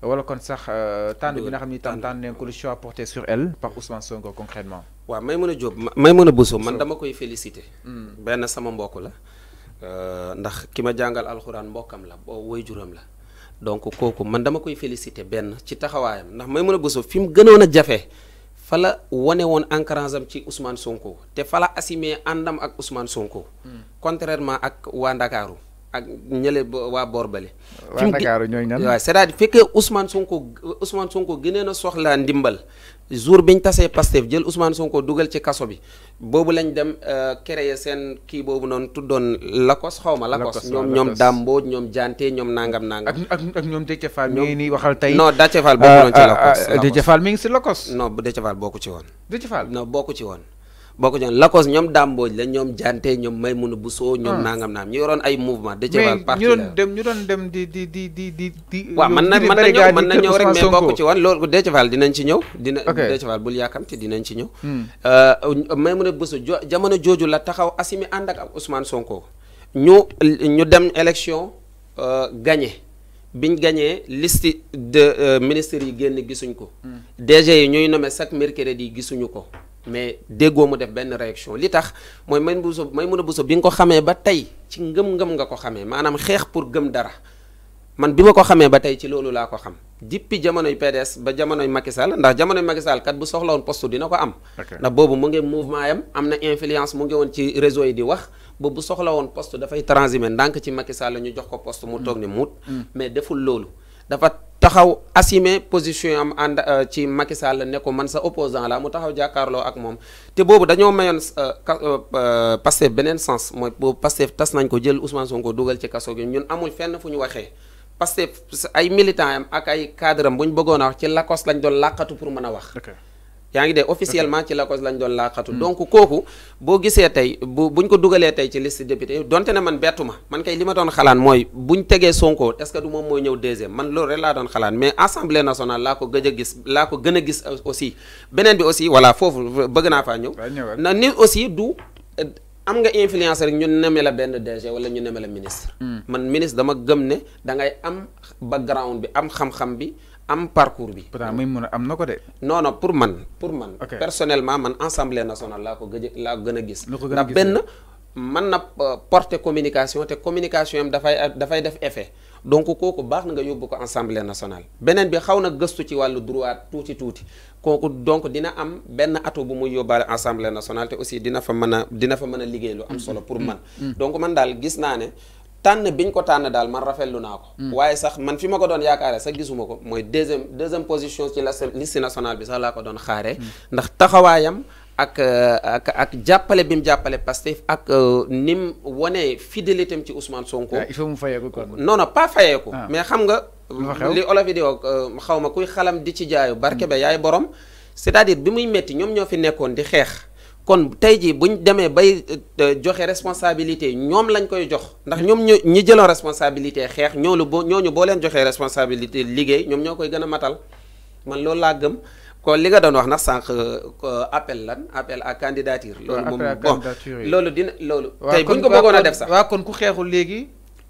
Voilà kon sax euh, tànn bi nga xam ni tànn ko choix porté sur elle par Ousmane Sonko concrètement. job, Maimouna Diop boulot, Bousso man dama koy hmm. Ben, ça sama beaucoup la. Euh, ndax ki ma jàngal alxuraan la boo waajuram la donc kooku man dama koy Ben, c'est ci taxawaayam ndax Maimouna boulot, film, mu on a déjà fait. Fala wane woon encourage ci Ousmane Sonko te fala assimé andam ak Ousmane Sonko. Hmm. contrairement ak Wa Dakarou ak ñële waa Borbale. waa Ndakaaru ñooy ñan waaw c'est-à-dire fekkee Ousmane Sonko Ousmane Sonko gënee na soxlaa ndimbal jour ñu tasee Pastef jël Ousmane Sonko dugal ci kaso bi boobu lañ dem euh, créer seen kii boobu noonu tuddoon Lakos xaw ma Lakos ñoom ñoom Dambo ñoom jaantee ñoom nangam nangam. ak ak ñoom Déthié Fall mi ngi nii waxal tey. non Déthié Fall bokku noonu ci euh, Lakos euh, Déthié Fall mi ngi si Lakos. no Déthié Fall bokku ci woon. bokku ci woon. boo ko joxee Lacoste ñoom dàmbooj la ñoom jante ñoom may mun a busoo ah. ñoom nangam naam ñu yoroon ay mouvement de cebal parti la ñu doon dem ñu doon dem di di di di di di waaw mën na mën na ñëw mën na ñëw rek mais bokk ci wan loolu de cebal dinañ ci ñëw dina de cebal bul yàkkamti dinañ ci ñëw may mun a busoo jamono jooju la taxaw Assimi ànd ak Ousmane Sonko ñu ñu dem élection euh, gagné biñ gañee liste de euh, ministres yi génn gisuñ ko hmm. DG yi ñuy nommé chaque mercredi yi gisuñu ko mais déggoo mu def benn réaction li tax mooy may buso may mun a buso bi nga ko xamee ba tey ci ngëm-ngëm nga ko xamee maanaam xeex pour gëm dara man bi ma ko xamee ba tey ci loolu laa ko xam dippi jamonoy PDS ba jamonoy Macky Sall ndax jamonoy Macky kat bu soxla woon poste dina ko am ndax boobu mu ngi mouvement yam am na influence mu ngi woon ci réseau yi di wax boobu bu soxla woon poste dafay transhumé ndànk ci Macky Sall ñu jox ko poste mu toog ni muut mm. mais deful loolu taxaw assumer position am ànd euh, ci Macky Sall ne ko man sa opposant la mu taxaw jàkkaarloo ak moom te boobu dañoo mayoon euh, euh, Pastef beneen sens mooy boobu Pastef tas nañ ko jël Ousmane Sonko dugal ci kaso gi ñun amul fenn fu ñu waxee Pastef ay militant ak ay cadre am bu ñu bëggoon a wax ci lakos lañ doon làqatu pour mën a wax yaa ngi dee officiellement ci lakos lañ doon laaxatu hmm. donc kooku boo gisee tey bu buñ ko dugalee tey ci liste député donte ne man bettu man kay li ma doon xalaat mooy buñ tegee Sonko est-ce que du moom mooy ñëw deuxième man loolu rek laa doon xalaat mais assemblée nationale laa ko gëj a gis laa ko gën a gis aussi beneen bi aussi voilà foofu bëgg naa faa ñëw na ni aussi du am nga influence rek ñu neme la benn DG wala ñu neme la ministre hmm. man ministre dama gëm ne da ngay am background bi am xam bi am parcours bi. pourtant muy mun a am na ko de. non non pour man pour man. personnellement man assemblée nationale laa ko gëj laa ko gën a gis. ndax benn man na euh, porter communication te communication am dafay dafay def effet. donc kooku baax na nga yóbbu ko assemblée national beneen bi xaw na gëstu ci wàllu droit tuuti tuuti kooku donc dina am benn ato bu muy yóbbaale assemblée national te aussi dina fa mën a dina fa mën a liggéey lu am solo pour man. Mm, mm, mm. donc man daal gis tan biñ ko tan dal man rafetlu nako waye sax man fi mako don yakare sax gisumako moy deuxième deuxième position ci la liste nationale bi sax la ko don xare ndax taxawayam ak ak ak jàppale bim jappale parce que ak nim woné fidélité ci Ousmane Sonko. il faut mu fayeeku kon. non non pas fayé ko mais xam nga. li olof yi di wax xaw kuy xalam di ci jaayu. barke ba yaay borom. c'est-à-dire bi muy metti ñom ñofi nekkon di xex kon tey jii bu ñu demee bay euh, joxe responsabilité ñoom lañ koy jox ndax ñoom ñu ñi jëloon responsabilité xeex ñoolu boo ñu boo leen joxee responsabilité liggéey ñoom ñoo koy gën a matal man loolu laa gëm kon li nga doon wax nag sànq appel lan appel à candidature. loolu moom bon loolu dina loolu. tey bu ko bëggoon a def sax waa kon ku xeexu léegi.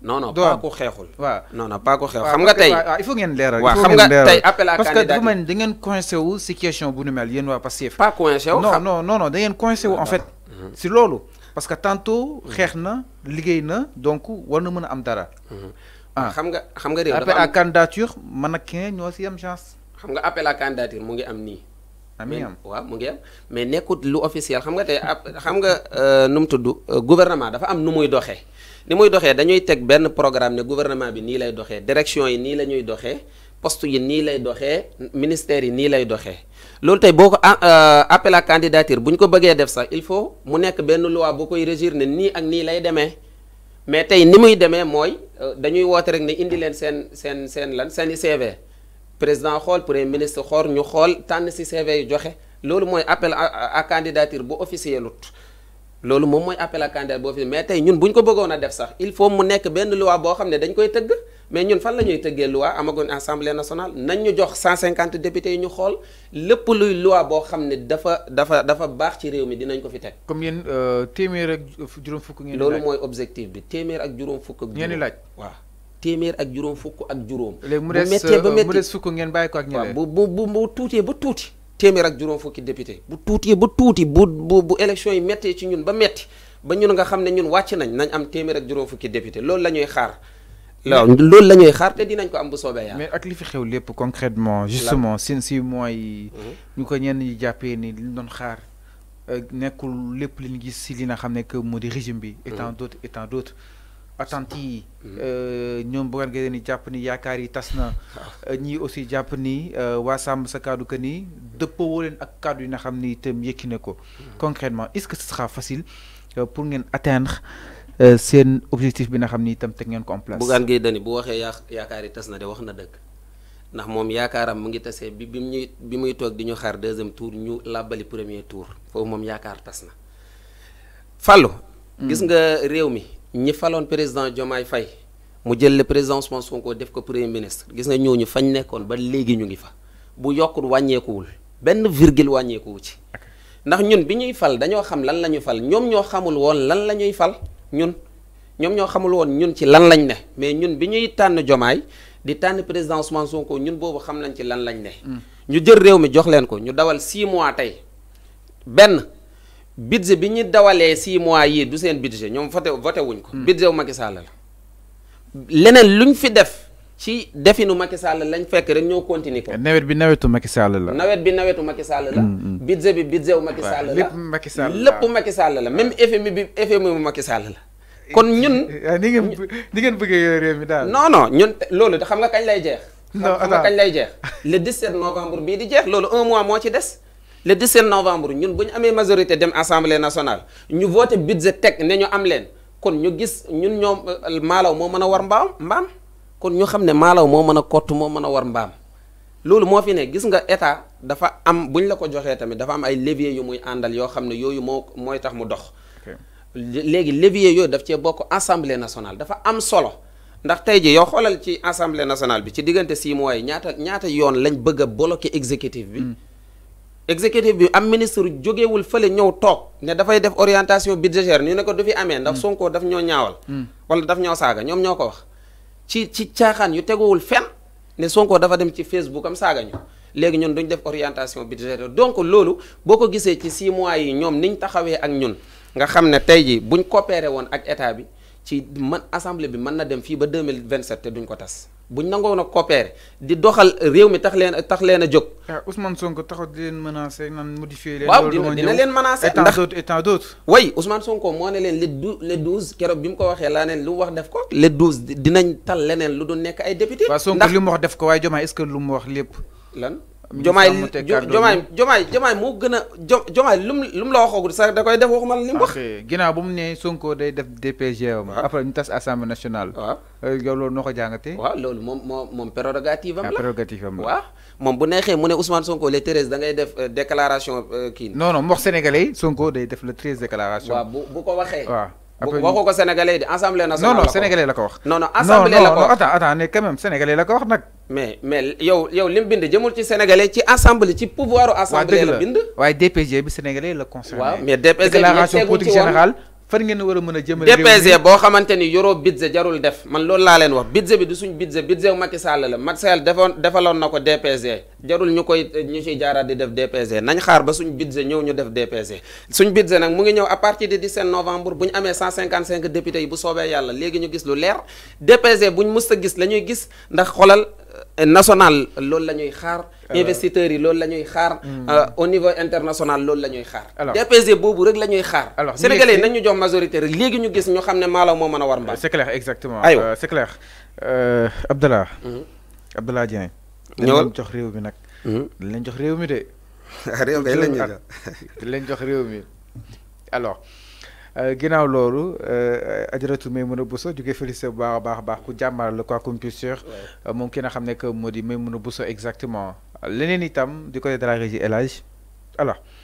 non non pas ko xexul wa non non pas ko xex xam nga tay il faut ngeen leeral. il xam nga appel à candidat parce que du men ni da ngeen coincé wu si question bu nu mel yéen waa Pastef. pas coincé wu non non non non da ngeen coincé wu en fait. Mm-hmm. si lolo parce que tantôt mm-hmm. xeex na liggéey na donc war na mën am dara. Mm-hmm. ah xam nga xam nga réew appel à candidature man ak ñoo si am chance. xam nga appel à candidature mo ngi am ni ami am waaw mu ngi mais nekkut lu officiel xam nga tey xam nga euh, nu mu tudd euh, gouvernement dafa am nu muy doxee ni muy doxee dañuy teg benn programme ne gouvernement bi nii lay doxee direction yi nii la ñuy doxee poste yi nii lay doxee ministères yi nii lay doxee loolu tey boo ko ah, euh, appel à candidature bu ñu ko bëggee def sax il faut mu nekk benn loi boo koy régir ne nii ak nii lay demee mais tey ni muy demee mooy dañuy woote rek ne indi leen seen seen seen lan seen i président xol premier ministre xor ñu xol tan ci CV yu joxe lolu moy appel à candidature bu officielut lolu mom moy appel à candidature bu officiel mais tay ñun buñ ko bëggoon a def sax il faut mu nekk ben loi bo xam dañ koy teug mais ñun fan lañuy teugé loi amagon assemblée nationale nañ ñu jox 150 députés ñu xol lepp luy loi bo xam dafa dafa dafa bax ci réew mi dinañ ko fi tek comme yéen euh, téeméer ak juroom fukk ngeen lolu moy objectif bi téeméer ak juroom fukk. ngeen di laaj waaw téeméer ak djuroom fukk ak djuroom bu méttee ba euh, métti fukk ngeen bàyyi ko ak ñeneen bu bu bu bu tuutee ba tuuti. téeméer ak djuroom fukki député bu tuutee ba tuuti bu bu bu élection yi metti ci ñun ba metti ba ñun nga xamné ñun wacc nañ nañ am téeméer ak djuroom fukki député loolu lañuy xaar. waaw loolu la xaar te dinañ ko am bu soobee yàlla. mais ak li fi xew lépp concrètement justement seen si mooy. ñu ko ñenn ñi jàppee ni li doon xaar euh, nekkul lépp li ñu gis si li nga xam ne que moo di régime bi. et tant mhm. d'autres et attentes mm-hmm. euh, yi. ñoom bu ngeen ni jàpp ni yaakaar yi tas na. ñii aussi jàpp ni euh, waa sàmm sa kaddu nii ni dëppoo leen ak kaddu yi na xam ni itam yëkki ne ko. Mm-hmm. concrètement est-ce que sa sera facile euh, pour ngeen atteindre seen objectif bi na xam ni itam teg ngeen ko en place. Bougane Gueye bu waxee yaakaar yi tas na de wax na dëkk ndax moom yaakaaram mu ngi tasee bi bi muy bi muy toog di ñu xaar deuxième tour ñu làbbali premier tour foofu moom yaakaar tas na. Fallou. Mm. gis nga réew mi. ñi faloon président Diomaye fay mu jël le président Ousmane Sonko def ko premier ministre gis nga ñooñu fañ nekkoon ba léegi ñu ngi fa bu yokkul wàññeekuwul benn virgule wàññeekuwu ci ndax ñun bi ñuy fal dañoo xam lan la ñu fal ñoom ñoo xamul woon lan la ñuy fal ñun ñoom ñoo xamul ñun ci lan lañ ne mais ñun bi ñuy tànn jomaay di tànn président Ousmane Sonko ñun boobu xam nañ ci lan lañ ne. Mm. ñu jël réew mi jox leen ko ñu dawal 6 mois tey benn. budget bi ñu dawalee six mois yii du seen budget ñoom voté voté wuñ ko. Hmm. budget wu Macky Sall la. leneen luñ fi def ci definu Macky Sall lañ fekk rek ñoo continuer ko. nawet bi nawetu Macky Sall la. nawet bi nawetu Macky Sall la. Hmm, hmm. budget bi budget wu Macky Sall la lépp Macky Sall la lépp Sall la même FMI bi FMI bu Sall la. kon ñun. Ah, ni ngeen ni ngeen bëggee réew mi daal. non non ñun loolu xam nga kañ lay jeex. non xam nga kañ lay jeex. le 17 novembre bii di jeex loolu un mois moo ci des. le 17 novembre ñun bu ñu amee majorité dem assemblée nationale ñu voté budget teg ne am leen kon ñu gis ñun ñoom euh, maalaw moo mën a war mbaam mbaam kon ñu xam ne maalaw moo mën a kott moo mën a war mbaam loolu moo fi ne gis nga état dafa am bu la ko joxee tamit dafa am ay levier yu muy àndal yoo xam ne yooyu moo mooy tax mu dox léegi levier yooyu daf cee bokk assemblée nationale dafa am solo ndax tey ji yow xoolal ci assemblée nationale bi ci diggante six mooy ñaata ñaata yoon lañ bëgg a bloquer exécutif bi hmm. exécutif bi am ministre jógewul fële ñëw toog ne dafay def orientation budgétaire ñu ne ko du fi amee ndax mm. Sonko daf ñoo ñaawal mm. wala daf ñoo saaga ñoom ñoo ko wax ci ci caaxaan yu teguwul fenn ne Sonko dafa dem ci Facebook am saaga ñu léegi ñun duñ def orientation budgétaire donc loolu boo ko gisee ci 6 mois yi ñoom niñ taxawee ak ñun nga xam ne tey jii buñ coopéré woon ak état bi ci man assemblée bi mën na dem fii ba 2027 te duñ ko tas buñ nangoo na coopérer di doxal réew mi tax leen tax leen a jóg. waaw ah, Ousmane Sonko taxaw di leen menacer naan modifier leen. loolu dina dina leen menacer ndax état d'autres oui Ousmane Sonko moo ne leen le dou le douze keroog bi mu ko waxee laa neen lu wax def ko. le douze dinañ tal leneen lu du nekk ay député. ndax li mu wax def ko waaye Diomaye est-ce que lu mu wax lépp lan. jomaay jomaay jomaay jomaay moo gën a jo jomaay lu mu lu mu la waxoogul sax da koy def waxuma la li mu wax. Ah, ginnaaw ba mu nee Sonko day def DPG am. après ñu tas assemblée nationale. waaw euh, yow loolu noo ko jàngatee. waaw loolu moom moom moom prérogative am la ah, prérogative am la moom bu neexee mu ne Ousmane Sonko le treize da ngay def euh, déclaration euh, kii. non non mu wax Sonko day def le treize déclaration. waaw bu bu ko waxee waaw. waxu ko sénégalais di assemblée nationale non non sénégalais la ko wax. non non assemblée la ko wax non non attends attends mais quand même la ko nag. mais mais yow yow lim bind mul ci sénégalais ci assemblée ci pouvoiru assemblée la bind. waaye DPG bi sénégalais la concerné. waaw mais DPG bi tegu ci fan ngeen war a mën a jëmale DPG boo xamante ni yoroo budget jarul def man loolu laa leen wax budget bi du suñ budget budget bu Macky Sall la Macky Sall defaloon na ko DPG jarul ñu koy ñu ciy jaaraat di def DPG nañ xaar ba suñ budget ñëw ñu def DPG suñ budget nag mu ngi ñëw à partir de 17 novembre bu ñu amee 155 députés yi bu soobee yàlla léegi ñu gis lu leer DPG buñ mës a gis la ñuy gis ndax xolal national loolu la ñuy xaar. investisseurs yi loolu la ñuy xaar. Hmm. Euh, au niveau international loolu la ñuy xaar. DPG boobu rek lañuy ñuy xaar. alors sénégalais yi nañu jox majorité rek léegi ñu gis ñu xam ne maalaw moo mën a war euh, mbaam. c'est clair exactement. aywa euh, c'est clair Abdallah. Hmm. Abdallah Dieng. ñëwal jox réew mi nag. Hmm. dañ lañ jox réew mi de. réew mi jox réew mi Euh, ginnaaw loolu euh, ajaratu Maimouna Bousso ju koy félicité bu baax a baax a baax ku jàmbaar la quoi comme pulseur moom ki nga xam ne que moo di Maimouna Bousso exactement leneen itam di ko de la régie El Hadj